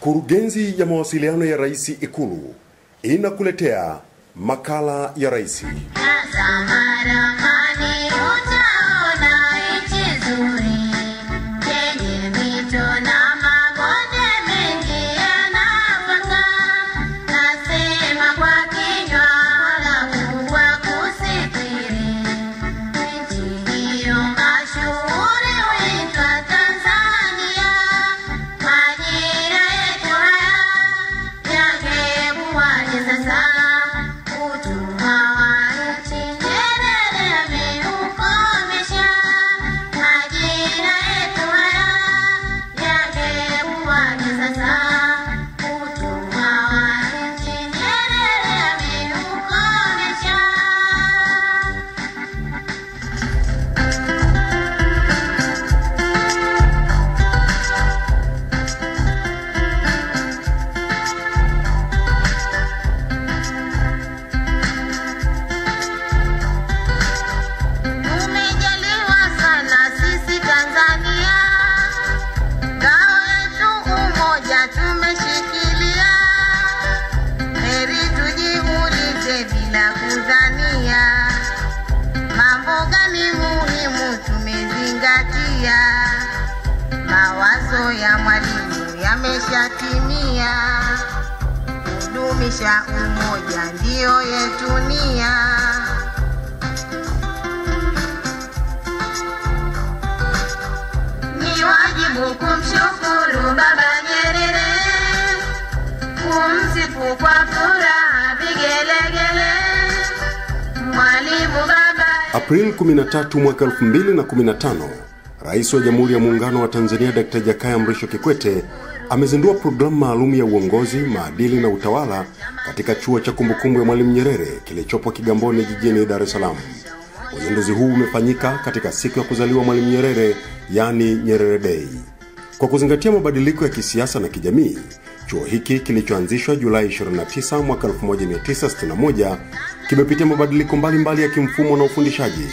Kurugenzi ya mawasiliano ya Rais Ikulu inakuletea makala ya Rais. cha umoja ndio yetu nia. Ni wajibu kumshukuru Baba Nyerere, kumsifu kwa furaha vigelegele, mwalimu baba. Aprili 13 mwaka 2015 Rais wa Jamhuri ya Muungano wa Tanzania Dr. Jakaya Mrisho Kikwete amezindua programu maalum ya uongozi, maadili na utawala katika chuo cha kumbukumbu ya Mwalimu Nyerere kilichopo Kigamboni jijini Dar es Salaam. Uzinduzi huu umefanyika katika siku ya kuzaliwa Mwalimu Nyerere, yani Nyerere Day. Kwa kuzingatia mabadiliko ya kisiasa na kijamii, chuo hiki kilichoanzishwa Julai 29 mwaka 1961 kimepitia mabadiliko mbalimbali ya kimfumo na ufundishaji,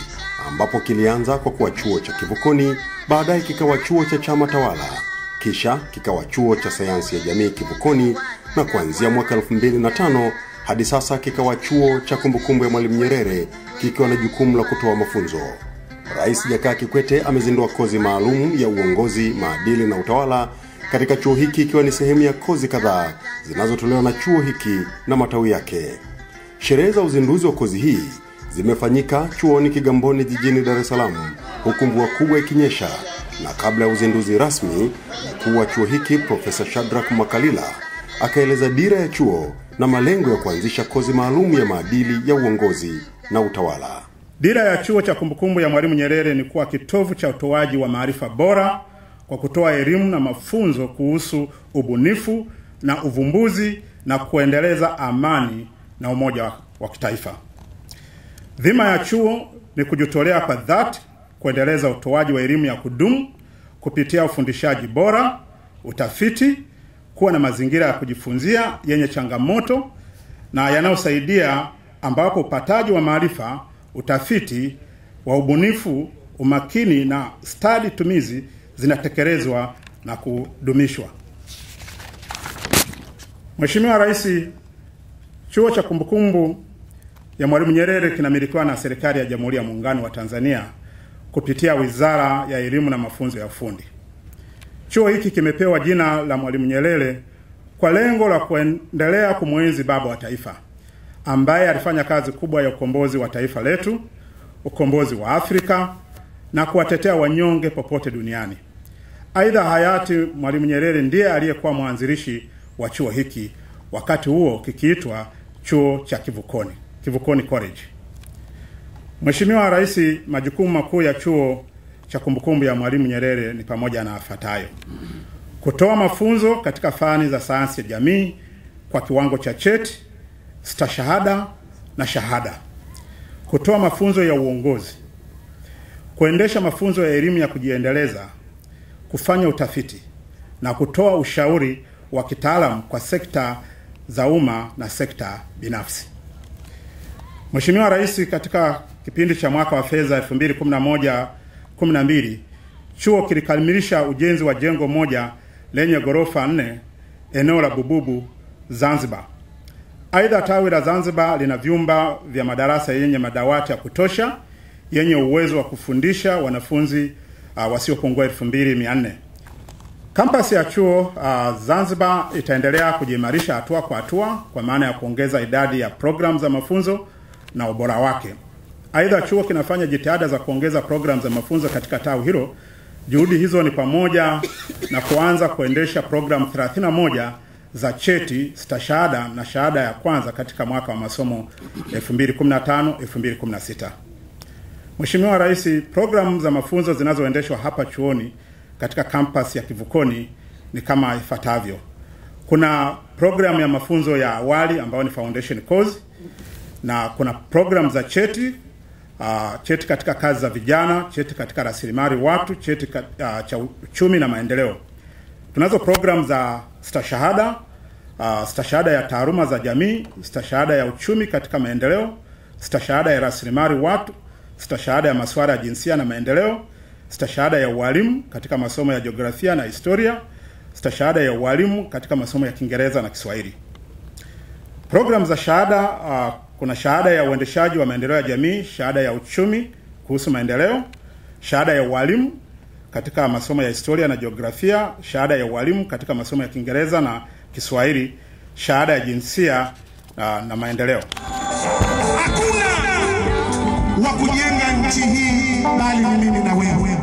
ambapo kilianza kwa kuwa chuo cha kivukoni, baadaye kikawa chuo cha chama tawala kisha kikawa chuo cha sayansi ya jamii Kivukoni, na kuanzia mwaka 2005 hadi sasa kikawa chuo cha kumbukumbu ya Mwalimu Nyerere kikiwa na jukumu la kutoa mafunzo. Rais Jakaya Kikwete amezindua kozi maalum ya uongozi, maadili na utawala katika chuo hiki ikiwa ni sehemu ya kozi kadhaa zinazotolewa na chuo hiki na matawi yake. Sherehe za uzinduzi wa kozi hii zimefanyika chuoni Kigamboni jijini Dar es Salaam, huku mvua kubwa ikinyesha na kabla ya uzinduzi rasmi, mkuu wa chuo hiki Profesa Shadrack Mwakalila akaeleza dira ya chuo na malengo ya kuanzisha kozi maalum ya maadili ya uongozi na utawala. Dira ya chuo cha kumbukumbu ya Mwalimu Nyerere ni kuwa kitovu cha utoaji wa maarifa bora kwa kutoa elimu na mafunzo kuhusu ubunifu na uvumbuzi na kuendeleza amani na umoja wa kitaifa. Dhima ya chuo ni kujitolea kwa dhati kuendeleza utoaji wa elimu ya kudumu kupitia ufundishaji bora, utafiti, kuwa na mazingira ya kujifunzia yenye changamoto na yanayosaidia, ambapo upataji wa maarifa, utafiti wa ubunifu, umakini na stadi tumizi zinatekelezwa na kudumishwa. Mheshimiwa Rais, Chuo cha Kumbukumbu ya Mwalimu Nyerere kinamilikiwa na Serikali ya Jamhuri ya Muungano wa Tanzania kupitia Wizara ya Elimu na Mafunzo ya Ufundi. Chuo hiki kimepewa jina la Mwalimu Nyerere kwa lengo la kuendelea kumwenzi baba wa taifa ambaye alifanya kazi kubwa ya ukombozi wa taifa letu, ukombozi wa Afrika na kuwatetea wanyonge popote duniani. Aidha, hayati Mwalimu Nyerere ndiye aliyekuwa mwanzilishi wa chuo hiki, wakati huo kikiitwa chuo cha Kivukoni, Kivukoni College. Mheshimiwa Rais, majukumu makuu ya chuo cha kumbukumbu ya Mwalimu Nyerere ni pamoja na afuatayo: kutoa mafunzo katika fani za sayansi ya jamii kwa kiwango cha cheti, stashahada na shahada, kutoa mafunzo ya uongozi, kuendesha mafunzo ya elimu ya kujiendeleza, kufanya utafiti na kutoa ushauri wa kitaalamu kwa sekta za umma na sekta binafsi. Mheshimiwa Rais, katika kipindi cha mwaka wa fedha 2011-12 chuo kilikamilisha ujenzi wa jengo moja lenye ghorofa nne eneo la Bububu, Zanzibar. Aidha, tawi la Zanzibar lina vyumba vya madarasa yenye madawati ya kutosha yenye uwezo wa kufundisha wanafunzi uh, wasiopungua 2400. Kampasi ya chuo uh, Zanzibar itaendelea kujiimarisha hatua kwa hatua kwa maana ya kuongeza idadi ya programu za mafunzo na ubora wake. Aidha, chuo kinafanya jitihada za kuongeza programu za mafunzo katika tawi hilo. Juhudi hizo ni pamoja na kuanza kuendesha programu 31 za cheti, stashahada na shahada ya kwanza katika mwaka wa masomo 2015 2016. Mheshimiwa Rais, programu za mafunzo zinazoendeshwa hapa chuoni katika kampasi ya Kivukoni ni kama ifuatavyo. Kuna programu ya mafunzo ya awali ambayo ni foundation course na kuna programu za cheti uh, cheti katika kazi za vijana, cheti katika rasilimali watu, cheti kat, uh, cha uchumi na maendeleo. Tunazo programu za stashahada uh, stashahada ya taaluma za jamii, stashahada ya uchumi katika maendeleo, stashahada ya rasilimali watu, stashahada ya masuala ya jinsia na maendeleo, stashahada ya ualimu katika masomo ya jiografia na historia, stashahada ya ualimu katika masomo ya Kiingereza na Kiswahili. Programu za shahada uh, kuna shahada ya uendeshaji wa maendeleo ya jamii, shahada ya uchumi kuhusu maendeleo, shahada ya ualimu katika masomo ya historia na jiografia, shahada ya ualimu katika masomo ya Kiingereza na Kiswahili, shahada ya jinsia uh, na maendeleo. Hakuna wa kujenga nchi hii bali ni mimi na wewe.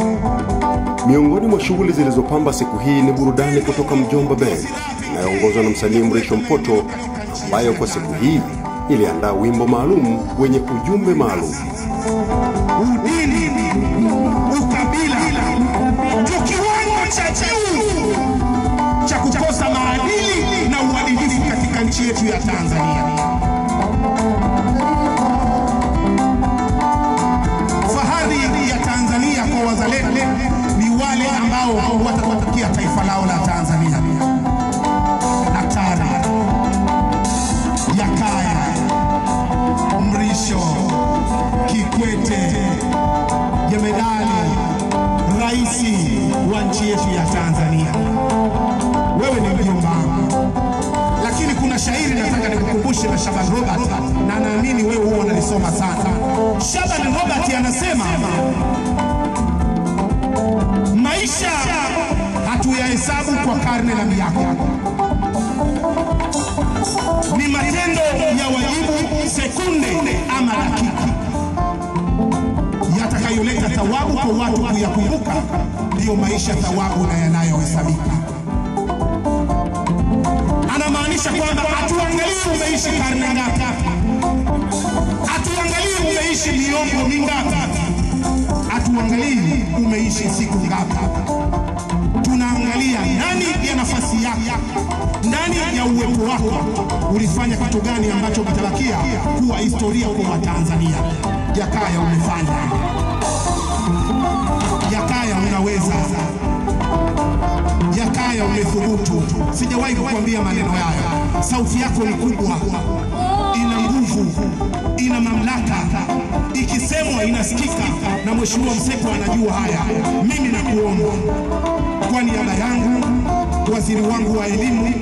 Miongoni mwa shughuli zilizopamba siku hii ni burudani kutoka Mjomba Band inayoongozwa na msanii Mrisho Mpoto ambayo kwa siku hii iliandaa wimbo maalum wenye ujumbe maalum. Udini, kiwango cha cha kukosa maadili na katika nchi yetu ya Tanzania. Fahari ya Tanzania kwa wazalendo ni wale ambao watatumikia taifa lao la nchi yetu ya Tanzania. Wewe ni mjomba wangu, lakini kuna shairi nataka nikukumbushe na Shaban Robert, na naamini wewe huo unalisoma sana. Shaban Robert anasema maisha hatuyahesabu kwa karne na miaka yako watu kuyakumbuka, ndiyo maisha thawabu na yanayohesabika. Anamaanisha kwamba hatuangalii umeishi karne ngapi, hatuangalii umeishi miongo mingapi, hatuangalii umeishi siku ngapi, tunaangalia ndani ya nafasi yako ndani ya uwepo wako ulifanya kitu gani ambacho kitabakia kuwa historia kwa Watanzania. Jakaya umefanya unaweza. Jakaya, umethubutu. Sijawahi kukuambia maneno yayo Sauti yako ni kubwa, ina nguvu, ina mamlaka, ikisemwa inasikika, na mheshimiwa Msekwa anajua haya. Mimi nakuomba kwa niaba yangu, waziri wangu wa elimu,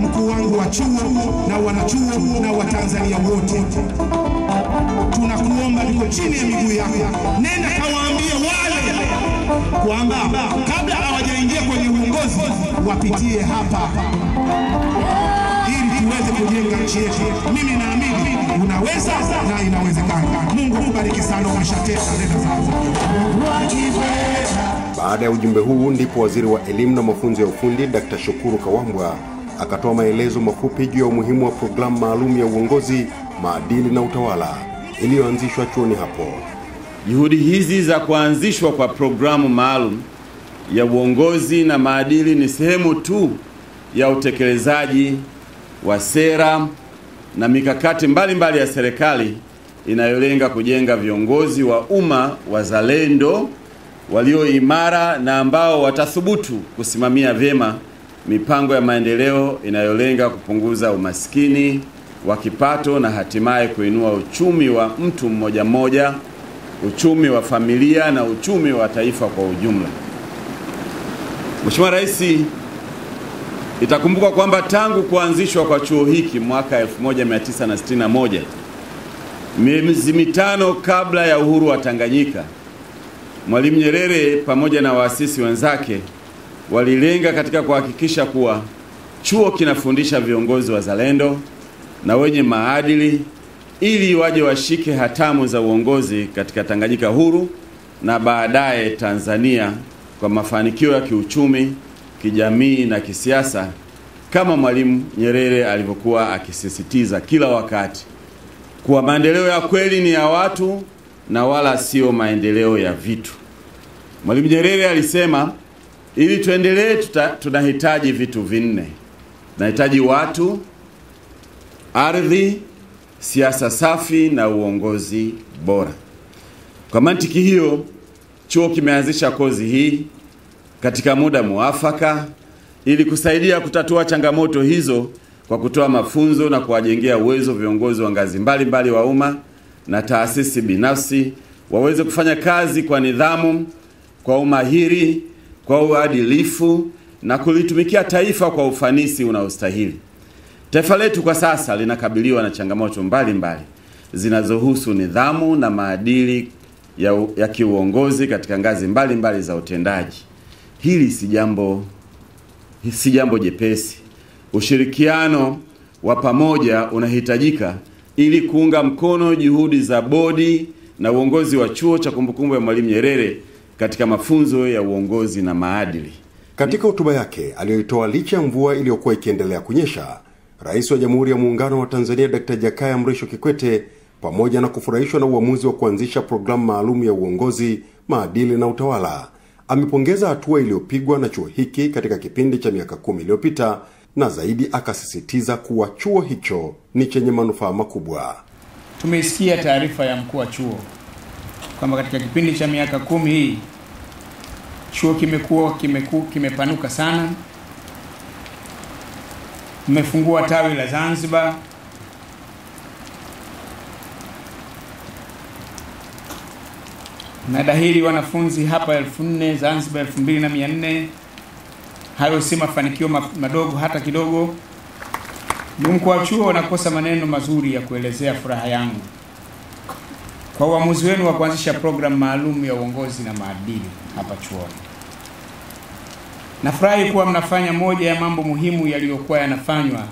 mkuu wangu wa chuo na wanachuo na Watanzania wote, tunakuomba, niko chini ya miguu yako, nenda kawaambie kwamba kabla hawajaingia kwenye uongozi wapitie hapa ili tuweze kujenga nchi yetu. Mimi naamini unaweza na inawezekana. Mungu kubariki sana, umeshatenda tena sasa. Baada ya ujumbe huu ndipo waziri wa elimu na mafunzo ya ufundi Dkt. Shukuru Kawambwa akatoa maelezo mafupi juu ya umuhimu wa programu maalum ya uongozi, maadili na utawala iliyoanzishwa chuoni hapo. Juhudi hizi za kuanzishwa kwa programu maalum ya uongozi na maadili ni sehemu tu ya utekelezaji wa sera na mikakati mbalimbali mbali ya serikali inayolenga kujenga viongozi wa umma wazalendo walio imara na ambao watathubutu kusimamia vyema mipango ya maendeleo inayolenga kupunguza umaskini wa kipato na hatimaye kuinua uchumi wa mtu mmoja mmoja uchumi wa familia na uchumi wa taifa kwa ujumla. Mheshimiwa Rais, itakumbuka kwamba tangu kuanzishwa kwa chuo hiki mwaka 1961 miezi mitano kabla ya uhuru wa Tanganyika, Mwalimu Nyerere pamoja na waasisi wenzake walilenga katika kuhakikisha kuwa chuo kinafundisha viongozi wazalendo na wenye maadili ili waje washike hatamu za uongozi katika Tanganyika huru na baadaye Tanzania kwa mafanikio ya kiuchumi, kijamii na kisiasa kama Mwalimu Nyerere alivyokuwa akisisitiza kila wakati kuwa maendeleo ya kweli ni ya watu na wala sio maendeleo ya vitu. Mwalimu Nyerere alisema ili tuendelee, tunahitaji vitu vinne: tunahitaji watu, ardhi siasa safi na uongozi bora. Kwa mantiki hiyo, chuo kimeanzisha kozi hii katika muda muafaka ili kusaidia kutatua changamoto hizo kwa kutoa mafunzo na kuwajengea uwezo viongozi wa ngazi mbalimbali wa umma na taasisi binafsi waweze kufanya kazi kwa nidhamu, kwa umahiri, kwa uadilifu na kulitumikia taifa kwa ufanisi unaostahili. Taifa letu kwa sasa linakabiliwa na changamoto mbalimbali zinazohusu nidhamu na maadili ya, ya kiuongozi katika ngazi mbalimbali mbali za utendaji. Hili si jambo si jambo jepesi. Ushirikiano wa pamoja unahitajika ili kuunga mkono juhudi za bodi na uongozi wa Chuo cha Kumbukumbu ya Mwalimu Nyerere katika mafunzo ya uongozi na maadili. Katika hotuba yake aliyoitoa licha ya mvua iliyokuwa ikiendelea kunyesha, Rais wa Jamhuri ya Muungano wa Tanzania Dkt. Jakaya Mrisho Kikwete, pamoja na kufurahishwa na uamuzi wa kuanzisha programu maalum ya uongozi, maadili na utawala, amepongeza hatua iliyopigwa na chuo hiki katika kipindi cha miaka kumi iliyopita na zaidi, akasisitiza kuwa chuo hicho ni chenye manufaa makubwa. Tumeisikia taarifa ya mkuu wa chuo kwamba katika kipindi cha miaka kumi hii chuo kimekuwa kimepanuka sana mmefungua tawi la Zanzibar na dahili wanafunzi hapa elfu nne Zanzibar elfu mbili na mia nne. Hayo si mafanikio madogo hata kidogo. Mkuu wa chuo wanakosa maneno mazuri ya kuelezea furaha yangu kwa uamuzi wenu wa kuanzisha programu maalum ya uongozi na maadili hapa chuoni. Nafurahi kuwa mnafanya moja ya mambo muhimu yaliyokuwa yanafanywa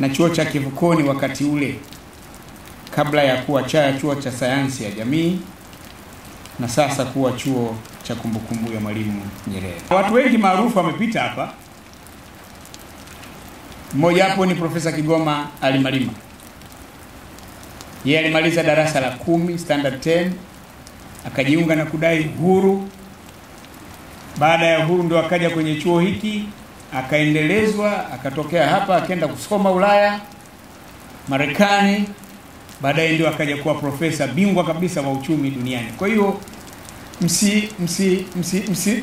na chuo cha Kivukoni wakati ule kabla ya kuwa cha chuo cha sayansi ya jamii na sasa kuwa chuo cha kumbukumbu ya Mwalimu Nyerere. Watu wengi maarufu wamepita hapa, mmoja hapo ni Profesa Kigoma Alimalima. Yeye alimaliza darasa la kumi standard 10 akajiunga na kudai uhuru baada ya huu ndo akaja kwenye chuo hiki akaendelezwa, akatokea hapa akaenda kusoma Ulaya, Marekani, baadaye ndio akaja kuwa profesa bingwa kabisa wa uchumi duniani. Kwa hiyo msi msi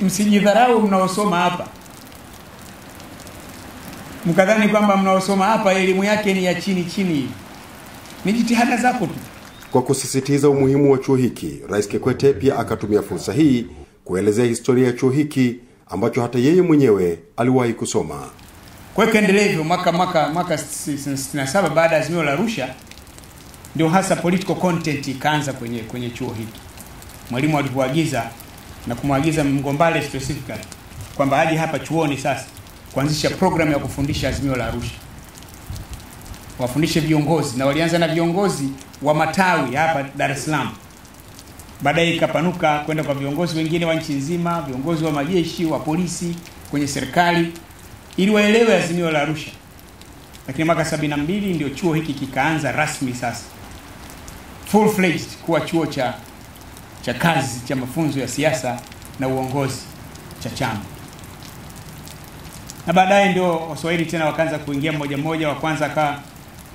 msijidharau msi, msi mnaosoma hapa mkadhani kwamba mnaosoma hapa elimu yake ni ya chini chini, ni jitihada zako tu. Kwa kusisitiza umuhimu wa chuo hiki, Rais Kikwete pia akatumia fursa hii kuelezea historia ya chuo hiki ambacho hata yeye mwenyewe aliwahi kusoma. Kwa hiyo kaendelea hivyo mwaka mwaka mwaka 67 baada ya azimio la Arusha, ndio hasa political content ikaanza kwenye kwenye chuo hiki. Mwalimu alivyoagiza na kumwagiza Mgombale specifically kwamba aje hapa chuoni sasa kuanzisha programu ya kufundisha azimio la Arusha, wafundishe viongozi, na walianza na viongozi wa matawi hapa Dar es Salaam baadaye ikapanuka kwenda kwa viongozi wengine wa nchi nzima, viongozi wa majeshi, wa polisi, kwenye serikali ili waelewe azimio la Arusha. Lakini mwaka mbili ndio chuo hiki kikaanza rasmi sasa full fledged kuwa chuo cha cha kazi cha mafunzo ya siasa na uongozi cha chama na baadaye ndio waswahili tena wakaanza kuingia mmoja mmoja. Wa kwanza akawa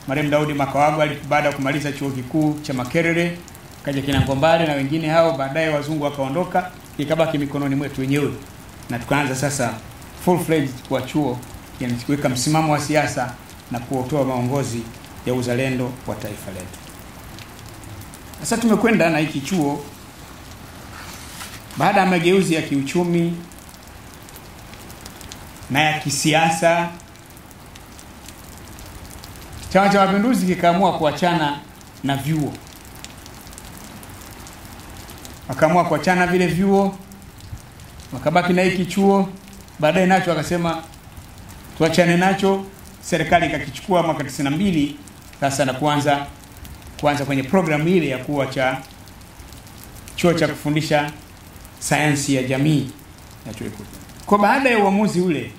marehemu Daudi Makawagu baada ya kumaliza chuo kikuu cha Makerere kaja kina Ngombale na wengine hao, baadaye wazungu wakaondoka, ikabaki mikononi mwetu wenyewe, na tukaanza sasa full fledged kwa chuo kuweka msimamo wa siasa na kuotoa maongozi ya uzalendo wa taifa letu. Sasa tumekwenda na hiki chuo baada ya mageuzi ya kiuchumi na ya kisiasa, Chama cha Mapinduzi kikaamua kuachana na vyuo akaamua kuachana vile vyuo wakabaki na hiki chuo baadaye nacho akasema tuachane nacho serikali ikakichukua mwaka 92 sasa na kuanza kuanza kwenye programu ile ya kuwa cha chuo cha kufundisha sayansi ya jamii ya chuo kikuu kwa baada ya uamuzi ule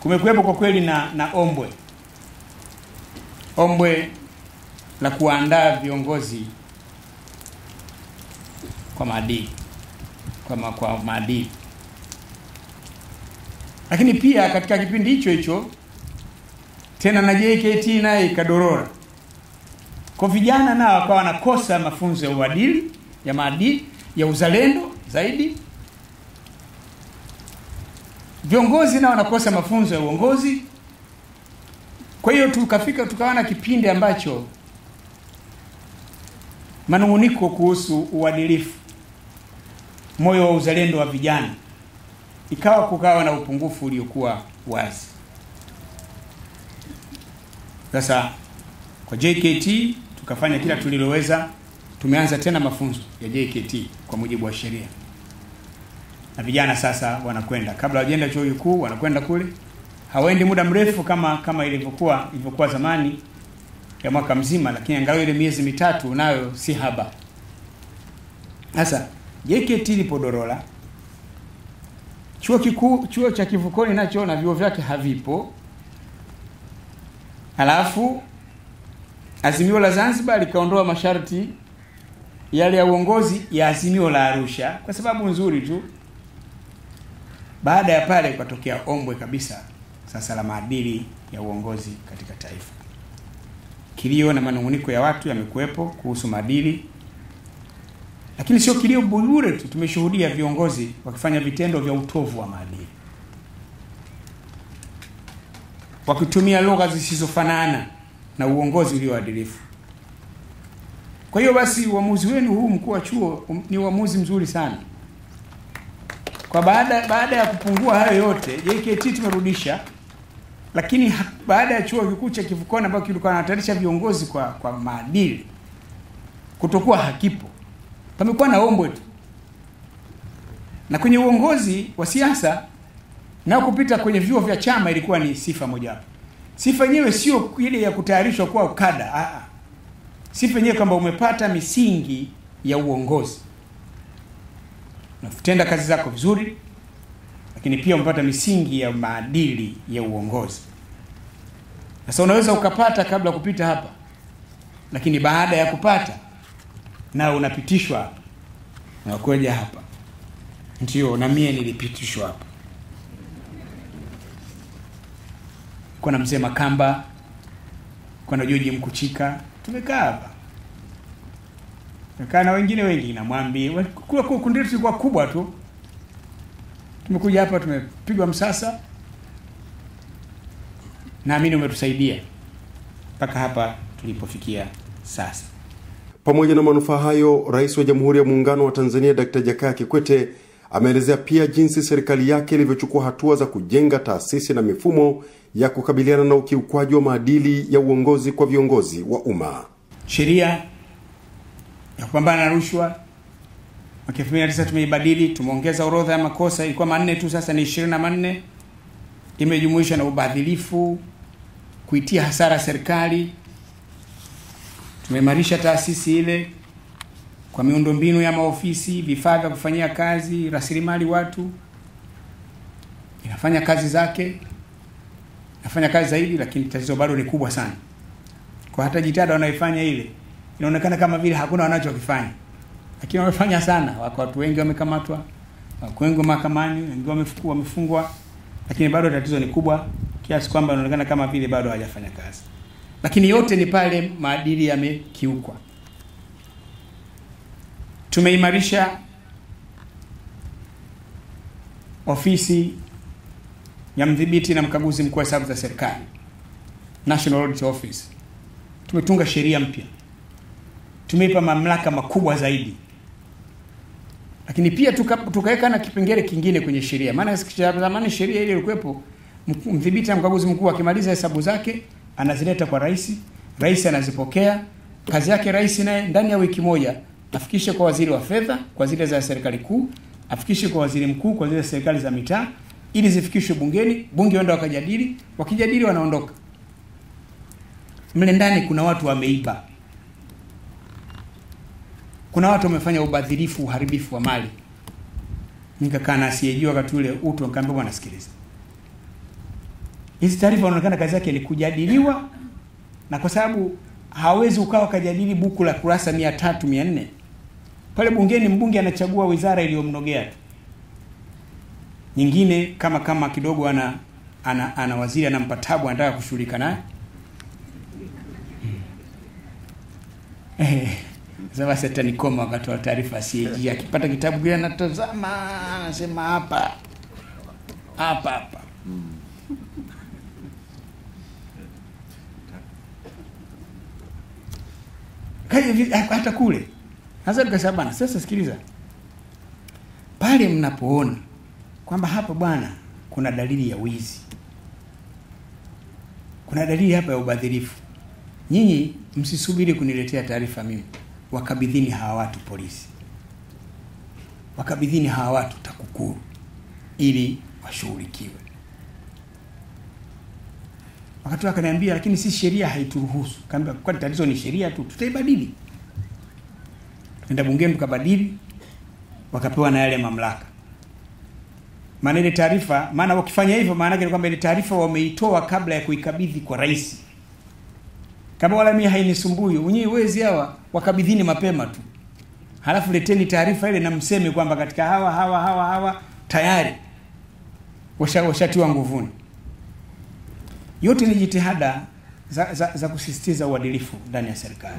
kumekuwepo kwa kweli na, na ombwe ombwe la kuandaa viongozi kwa maadili kwa, ma, kwa maadili. Lakini pia katika kipindi hicho hicho tena na JKT naye ikadorora kwa vijana nao wakawa wanakosa mafunzo ya uadili ya maadili ya uzalendo zaidi. Viongozi nao wanakosa mafunzo ya uongozi. Kwa hiyo tukafika tukawa na kipindi ambacho manung'uniko kuhusu uadilifu moyo wa uzalendo wa vijana, ikawa kukawa na upungufu uliokuwa wazi. Sasa kwa JKT tukafanya kila tuliloweza, tumeanza tena mafunzo ya JKT kwa mujibu wa sheria, na vijana sasa wanakwenda, kabla hawajaenda chuo kikuu, wanakwenda kule, hawaendi muda mrefu kama kama ilivyokuwa ilivyokuwa zamani ya mwaka mzima, lakini angalau ile miezi mitatu nayo si haba. Sasa JKT dorola chuo kikuu chuo cha Kivukoni nacho na vyuo vyake havipo, alafu Azimio la Zanzibar likaondoa masharti yale ya uongozi ya Azimio la Arusha kwa sababu nzuri tu. Baada ya pale ikatokea ombwe kabisa sasa la maadili ya uongozi katika taifa. Kilio na manunguniko ya watu yamekuwepo kuhusu maadili lakini sio kilio bure tu, tumeshuhudia viongozi wakifanya vitendo vya utovu wa maadili, wakitumia lugha zisizofanana na uongozi ulioadilifu. Kwa hiyo basi, uamuzi wenu huu, mkuu wa chuo, um, ni uamuzi mzuri sana kwa baada baada ya kupungua hayo yote, JKT tumerudisha, lakini baada ya chuo kikuu cha Kivukoni ambacho kilikuwa kinahatarisha viongozi kwa kwa maadili kutokuwa hakipo pamekuwa na ombwe tu na kwenye uongozi wa siasa nao kupita kwenye vyuo vya chama ilikuwa ni sifa mojawapo. Sifa yenyewe sio ile ya kutayarishwa kuwa kada, aa. Sifa yenyewe kwamba umepata misingi ya uongozi, unatenda kazi zako vizuri, lakini pia umepata misingi ya maadili ya uongozi. Sasa unaweza ukapata kabla kupita hapa, lakini baada ya kupata na unapitishwa hapa hapa ndio na mie nilipitishwa hapa kuna mzee makamba kuna joji mkuchika tumekaa hapa tumekaa na wengine wengi namwambi mwambi kundi letu kubwa tu tumekuja hapa tumepigwa msasa naamini umetusaidia mpaka hapa tulipofikia sasa pamoja na manufaa hayo, Rais wa Jamhuri ya Muungano wa Tanzania d Jakaya Kikwete ameelezea pia jinsi serikali yake ilivyochukua hatua za kujenga taasisi na mifumo ya kukabiliana na ukiukwaji wa maadili ya uongozi kwa viongozi wa umma. Sheria ya kupambana na rushwa mwaka 2009 tumeibadili, tumeongeza orodha ya makosa, ilikuwa manne tu, sasa ni manne Imejumuisha na ubadhilifu, kuitia hasara serikali Tumeimarisha taasisi ile kwa miundombinu ya maofisi, vifaa vya kufanyia kazi, rasilimali watu. Inafanya kazi zake, inafanya kazi zaidi, lakini tatizo bado ni kubwa sana, kwa hata jitihada wanaifanya ile inaonekana kama vile hakuna wanachokifanya, lakini wamefanya sana. Wako watu wengi wamekamatwa, wako wengi mahakamani, wengi wamefungwa, lakini bado tatizo ni kubwa kiasi kwamba inaonekana kama vile bado hawajafanya kazi lakini yote ni pale maadili yamekiukwa. Tumeimarisha ofisi ya mdhibiti na mkaguzi mkuu wa hesabu za serikali, National Audit Office. Tumetunga sheria mpya, tumeipa mamlaka makubwa zaidi, lakini pia tukaweka tuka na kipengele kingine kwenye sheria, maana zamani sheria ile ilikuwepo, mdhibiti na mkaguzi mkuu akimaliza hesabu zake anazileta kwa rais, rais anazipokea. Kazi yake rais naye ndani ya wiki moja afikishe kwa waziri wa fedha kwa zile za serikali kuu, afikishe kwa waziri mkuu kwa zile serikali za mitaa, ili zifikishwe bungeni, bunge waenda wakajadili, wakijadili wanaondoka. Mle ndani kuna watu wameiba, kuna watu wamefanya ubadhirifu, uharibifu wa mali. Nikakaa na asiyejua wakati ule utu, nikaambia bwana, sikiliza Hizi taarifa inaonekana kazi yake ni kujadiliwa, na kwa sababu hawezi ukawa kajadili buku la kurasa mia tatu mia nne pale bungeni, mbunge anachagua wizara iliyomnogea tu, nyingine kama kama kidogo ana ana, ana waziri anampa tabu, anataka kushughulika naye eh. Sasa wakati wa taarifa CAG akipata kitabu kile anatazama, anasema hapa hapa hapa Kali eh, hata kule. Sasa tukasema bwana, sasa sikiliza. Pale mnapoona kwamba hapa bwana kuna dalili ya wizi. Kuna dalili hapa ya ubadhirifu. Nyinyi msisubiri kuniletea taarifa mimi. Wakabidhini hawa watu polisi. Wakabidhini hawa watu TAKUKURU ili washughulikiwe. Wakati akaniambia lakini si sheria haituruhusu. Kaambia kwa tatizo ni sheria tu, tutaibadili. Tukaenda bungeni tukabadili, wakapewa na yale mamlaka. Maana ile taarifa, maana wakifanya hivyo, maana yake ni kwamba ile taarifa wameitoa kabla ya kuikabidhi kwa rais. Kama wala mimi hainisumbui, wenyewe wezi hawa wakabidhini mapema tu. Halafu leteni taarifa ile na mseme kwamba katika hawa hawa hawa hawa tayari washatiwa washa nguvuni. Yote ni jitihada za, za, za kusisitiza uadilifu ndani ya serikali.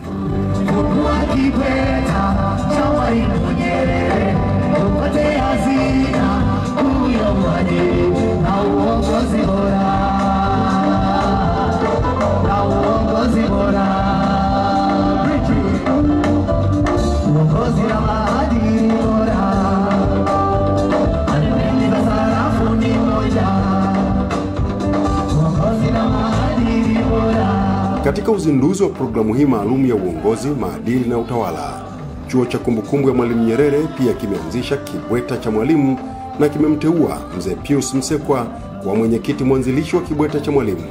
Katika uzinduzi wa programu hii maalum ya uongozi, maadili na utawala, chuo cha kumbukumbu ya Mwalimu Nyerere pia kimeanzisha kibweta cha mwalimu na kimemteua mzee Pius Msekwa kuwa mwenyekiti mwanzilishi wa kibweta cha mwalimu.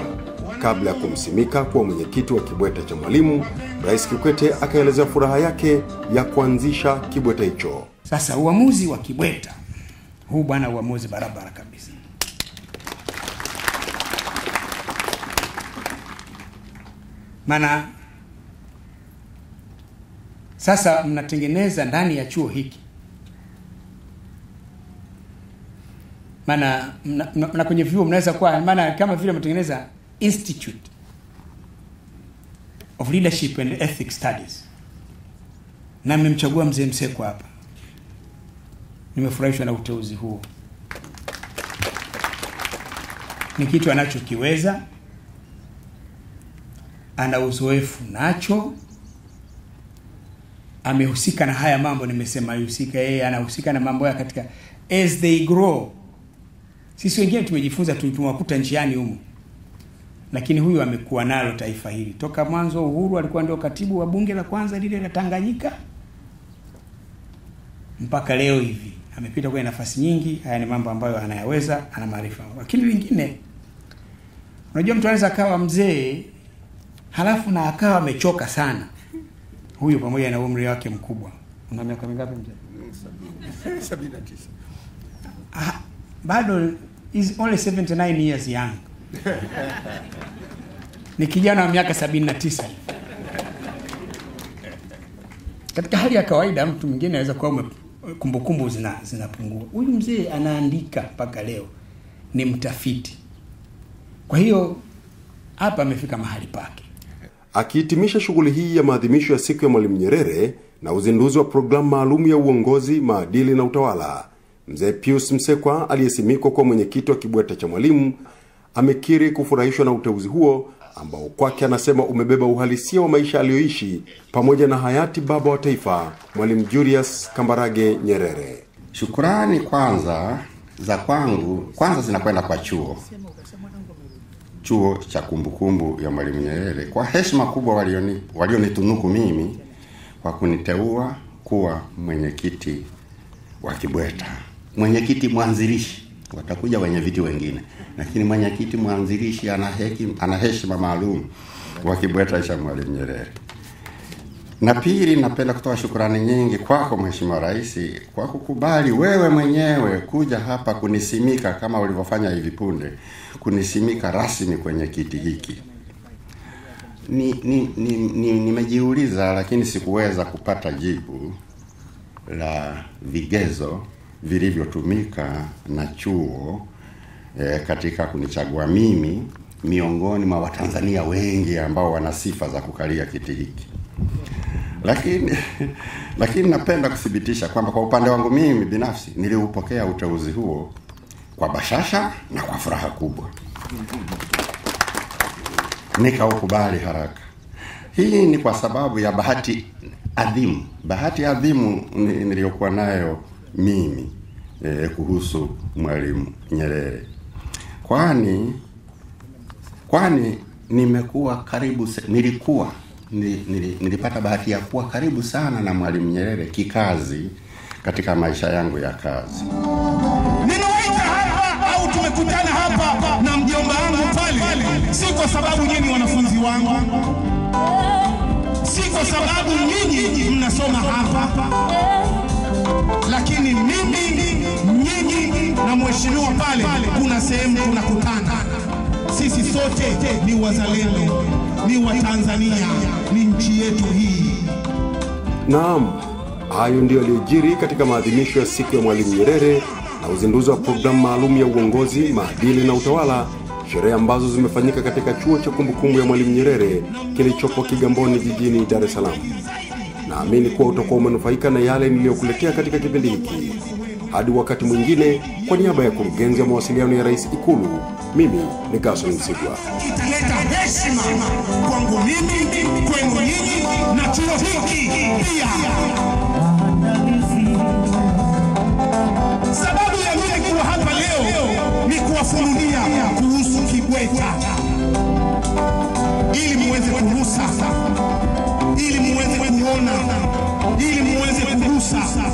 Kabla ya kumsimika kuwa mwenyekiti wa kibweta cha mwalimu, Rais Kikwete akaelezea furaha yake ya kuanzisha kibweta hicho. Sasa uamuzi wa kibweta huu bwana, uamuzi barabara kabisa maana sasa mnatengeneza ndani ya chuo hiki maana mna, mna, mna kwenye vyuo mnaweza kuwa maana kama vile mnatengeneza institute of leadership and ethic studies na mmemchagua mzee mseko hapa nimefurahishwa na uteuzi huo ni kitu anachokiweza ana uzoefu nacho, amehusika na haya mambo nimesema, yuhusika yeye, anahusika na mambo ya katika as they grow. Sisi wengine tumejifunza, tumewakuta njiani humo, lakini huyu amekuwa nalo taifa hili toka mwanzo. Uhuru alikuwa ndio katibu wa bunge la kwanza lile la Tanganyika mpaka leo hivi amepita kwenye nafasi nyingi. Haya ni mambo ambayo anayaweza, ana maarifa. Lakini wengine, unajua, mtu anaweza akawa mzee halafu na akawa amechoka sana huyu, pamoja na umri wake mkubwa. Una miaka mingapi mzee? Ah, bado is only 79 years young ni kijana wa miaka 79 Katika hali ya kawaida, mtu mwingine anaweza kuwa kumbukumbu zina zinapungua. Huyu mzee anaandika mpaka leo, ni mtafiti. Kwa hiyo hapa amefika mahali pake. Akihitimisha shughuli hii ya maadhimisho ya siku ya Mwalimu Nyerere na uzinduzi wa programu maalum ya uongozi, maadili na utawala, Mzee Pius Msekwa aliyesimikwa kuwa mwenyekiti wa kibweta cha Mwalimu amekiri kufurahishwa na uteuzi huo ambao kwake anasema umebeba uhalisia wa maisha aliyoishi pamoja na hayati baba wa taifa Mwalimu Julius Kambarage Nyerere. Shukurani kwanza za kwangu kwanza zinakwenda kwa chuo chuo cha kumbukumbu ya Mwalimu Nyerere kwa heshima kubwa walionitunuku walioni mimi kwa kuniteua kuwa mwenyekiti wa Kibweta, mwenyekiti mwanzilishi. Watakuja wenye viti wengine, lakini mwenyekiti mwanzilishi ana heshima maalum wa Kibweta cha Mwalimu Nyerere. Na pili, napenda kutoa shukurani nyingi kwako Mheshimiwa Rais kwa kukubali wewe mwenyewe kuja hapa kunisimika kama ulivyofanya hivi punde kunisimika rasmi kwenye kiti hiki. Nimejiuliza ni, ni, ni, ni, ni lakini sikuweza kupata jibu la vigezo vilivyotumika na chuo eh, katika kunichagua mimi miongoni mwa Watanzania wengi ambao wana sifa za kukalia kiti hiki. Lakini lakini napenda kuthibitisha kwamba kwa upande wangu mimi binafsi niliupokea uteuzi huo kwa bashasha na kwa furaha kubwa nikaukubali haraka hii ni kwa sababu ya bahati adhimu bahati adhimu niliyokuwa nayo mimi eh, kuhusu mwalimu nyerere kwani kwani nimekuwa karibu nilikuwa nilipata bahati ya kuwa karibu sana na mwalimu nyerere kikazi katika maisha yangu ya kazi mnakutana hapa na mjomba wangu pale, si kwa sababu nyinyi wanafunzi wangu, si kwa sababu nyinyi mnasoma hapa, lakini mimi, nyinyi na mheshimiwa pale, kuna sehemu tunakutana. Sisi sote ni wazalendo, ni Watanzania, ni nchi yetu hii. Naam, hayo ndiyo yaliyojiri katika maadhimisho ya siku ya Mwalimu Nyerere na uzinduzi wa programu maalum ya uongozi, maadili na utawala, sherehe ambazo zimefanyika katika chuo cha kumbukumbu ya Mwalimu Nyerere kilichopo Kigamboni jijini Dar es Salaam. Naamini kuwa utakuwa umenufaika na yale niliyokuletea katika kipindi hiki. Hadi wakati mwingine, kwa niaba ya kurugenzi ya mawasiliano ya Rais Ikulu, mimi ni Gaston Msigwa. Italeta heshima kwangu mimi, kwenu nyinyi na chuo hiki pia. nitawafunulia kuhusu Kibweta ili muweze kunusa, ili muweze kuona, ili muweze kunusa